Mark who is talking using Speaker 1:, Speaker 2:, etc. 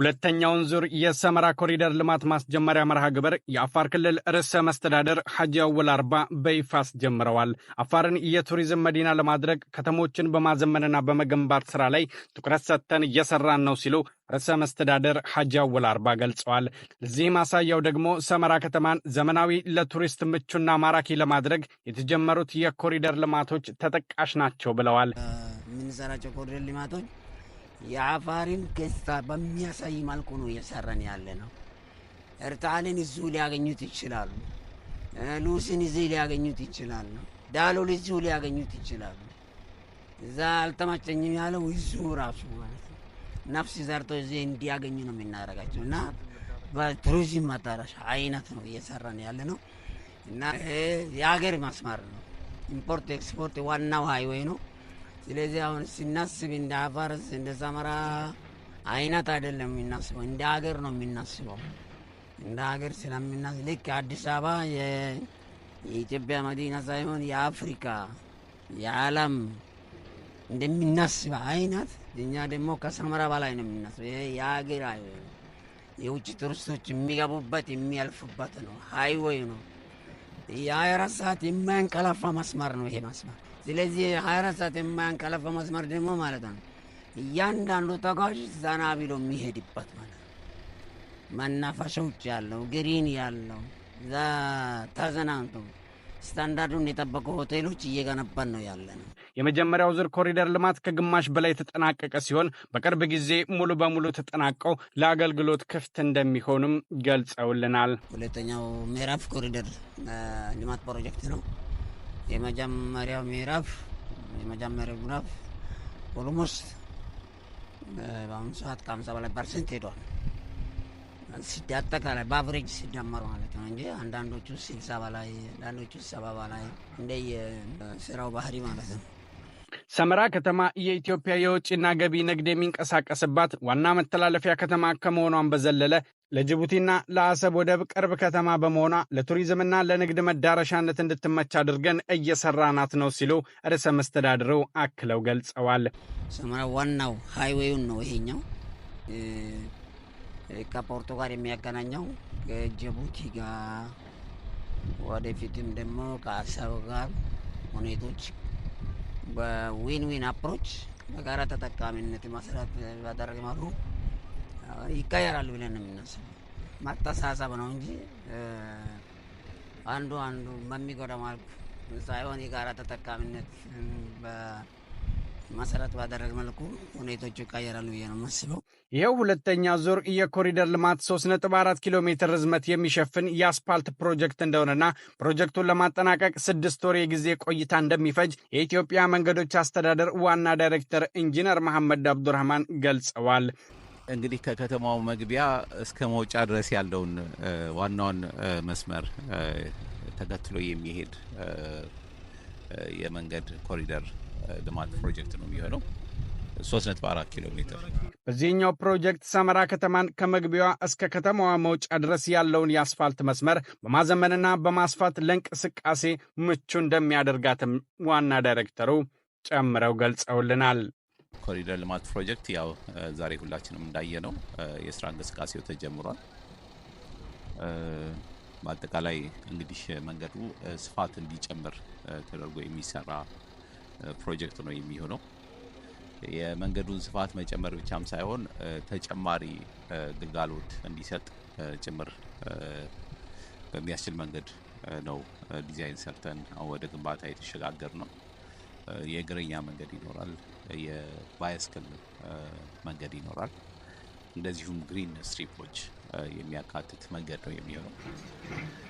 Speaker 1: ሁለተኛውን ዙር የሰመራ ኮሪደር ልማት ማስጀመሪያ መርሃ ግብር የአፋር ክልል ርዕሰ መስተዳደር ሐጂ አወል አርባ በይፋ አስጀምረዋል። አፋርን የቱሪዝም መዲና ለማድረግ ከተሞችን በማዘመንና በመገንባት ስራ ላይ ትኩረት ሰጥተን እየሰራን ነው ሲሉ ርዕሰ መስተዳደር ሐጂ አወል አርባ ገልጸዋል። ለዚህ ማሳያው ደግሞ ሰመራ ከተማን ዘመናዊ ለቱሪስት ምቹና ማራኪ ለማድረግ የተጀመሩት የኮሪደር ልማቶች ተጠቃሽ ናቸው ብለዋል።
Speaker 2: የምንሰራቸው ኮሪደር ልማቶች የአፋርን ገጽታ በሚያሳይ መልኩ ነው እየሰራን ያለ ነው። ኤርታሌን እዚሁ ሊያገኙት ይችላሉ። ሉሲን እዚህ ሊያገኙት ይችላሉ። ዳሎል እዚሁ ሊያገኙት ይችላሉ። እዛ አልተመቸኝም ያለው እዙ ራሱ ማለት ነፍስ ዘርቶ እዚህ እንዲያገኙ ነው የምናደርጋቸው እና በቱሪዝም መዳረሻ አይነት ነው እየሰራን ያለ ነው እና የሀገር ማስማር ነው። ኢምፖርት ኤክስፖርት ዋናው ሀይወይ ነው። ስለዚህ አሁን ሲናስብ እንደ አፋር እንደ ሰመራ አይነት አይደለም የሚናስበው፣ እንደ ሀገር ነው የሚናስበው። እንደ ሀገር ስለሚናስ ልክ አዲስ አበባ የኢትዮጵያ መዲና ሳይሆን የአፍሪካ የዓለም እንደሚናስበ አይነት እኛ ደግሞ ከሰመራ በላይ ነው የሚናስበው። የሀገር የውጭ ቱሪስቶች የሚገቡበት የሚያልፉበት ነው፣ ሀይወይ ነው። የ24 ሰዓት የማያንቀላፋ መስመር ነው ይሄ መስመር። ስለዚህ 24 ሰዓት የማያንቀላፋ መስመር ደግሞ ማለት ነው እያንዳንዱ ተጓዥ ዘና ብሎ የሚሄድበት ማለት ነው። ውጭ ያለው ግሪን ያለው ተዝናንቶ ስታንዳርዱን የጠበቁ ሆቴሎች እየገነባን ነው ያለን።
Speaker 1: የመጀመሪያው ዙር ኮሪደር ልማት ከግማሽ በላይ የተጠናቀቀ ሲሆን በቅርብ ጊዜ ሙሉ በሙሉ ተጠናቀው ለአገልግሎት ክፍት እንደሚሆንም ገልጸውልናል።
Speaker 2: ሁለተኛው ምዕራፍ ኮሪደር ልማት ፕሮጀክት ነው። የመጀመሪያው ምዕራፍ የመጀመሪያው ምዕራፍ ኦልሞስት በአሁኑ ሰዓት ከ ከሀምሳ በላይ ፐርሰንት ሄዷል። አጠቃላይ በአቨሬጅ ሲደመሩ ማለት ነው እንጂ አንዳንዶቹ ስልሳ በላይ አንዳንዶቹ ሰባ በላይ እንደ የስራው ባህሪ ማለት ነው።
Speaker 1: ሰመራ ከተማ የኢትዮጵያ የውጭና ገቢ ንግድ የሚንቀሳቀስባት ዋና መተላለፊያ ከተማ ከመሆኗን በዘለለ ለጅቡቲና ለአሰብ ወደብ ቅርብ ከተማ በመሆኗ ለቱሪዝምና ለንግድ መዳረሻነት እንድትመች አድርገን እየሰራናት ነው ሲሉ ርዕሰ መስተዳድሩ አክለው ገልጸዋል።
Speaker 2: ሰመራ ዋናው ሃይዌዩን ነው ይሄኛው ከፖርቱጋል የሚያገናኘው ከጅቡቲ ጋር ወደፊትም ደግሞ ከአሰብ ጋር ሁኔቶች በዊን ዊን አፕሮች በጋራ ተጠቃሚነት መስራት ያደረግማሉ ይቀየራሉ ብለን ነው የምናስበው። መተሳሰብ ነው እንጂ አንዱ አንዱ በሚጎዳ መልኩ ሳይሆን የጋራ ተጠቃሚነት መሰረት ባደረግ መልኩ ሁኔቶቹ ይቀየራሉ ብዬ ነው የማስበው።
Speaker 1: ይኸው ሁለተኛ ዙር የኮሪደር ልማት 3.4 ኪሎ ሜትር ርዝመት የሚሸፍን የአስፓልት ፕሮጀክት እንደሆነና ፕሮጀክቱን ለማጠናቀቅ ስድስት ወር የጊዜ ቆይታ እንደሚፈጅ የኢትዮጵያ መንገዶች አስተዳደር ዋና ዳይሬክተር ኢንጂነር መሐመድ አብዱራህማን ገልጸዋል።
Speaker 3: እንግዲህ ከከተማው መግቢያ እስከ መውጫ ድረስ ያለውን ዋናውን መስመር ተከትሎ የሚሄድ የመንገድ ኮሪደር ልማት ፕሮጀክት ነው የሚሆነው። 3.4 ኪሎ ሜትር።
Speaker 1: በዚህኛው ፕሮጀክት ሰመራ ከተማን ከመግቢያዋ እስከ ከተማዋ መውጫ ድረስ ያለውን የአስፋልት መስመር በማዘመንና በማስፋት ለእንቅስቃሴ ምቹ እንደሚያደርጋትም ዋና ዳይሬክተሩ ጨምረው ገልጸውልናል።
Speaker 4: ኮሪደር ልማት ፕሮጀክት ያው ዛሬ ሁላችንም እንዳየነው የስራ እንቅስቃሴው ተጀምሯል። በአጠቃላይ እንግዲህ መንገዱ ስፋት እንዲጨምር ተደርጎ የሚሰራ ፕሮጀክት ነው የሚሆነው። የመንገዱን ስፋት መጨመር ብቻም ሳይሆን ተጨማሪ ግልጋሎት እንዲሰጥ ጭምር በሚያስችል መንገድ ነው ዲዛይን ሰርተን አሁን ወደ ግንባታ የተሸጋገር ነው። የእግረኛ መንገድ ይኖራል። የባይስክል መንገድ ይኖራል። እንደዚሁም ግሪን ስትሪፖች የሚያካትት መንገድ ነው የሚሆነው።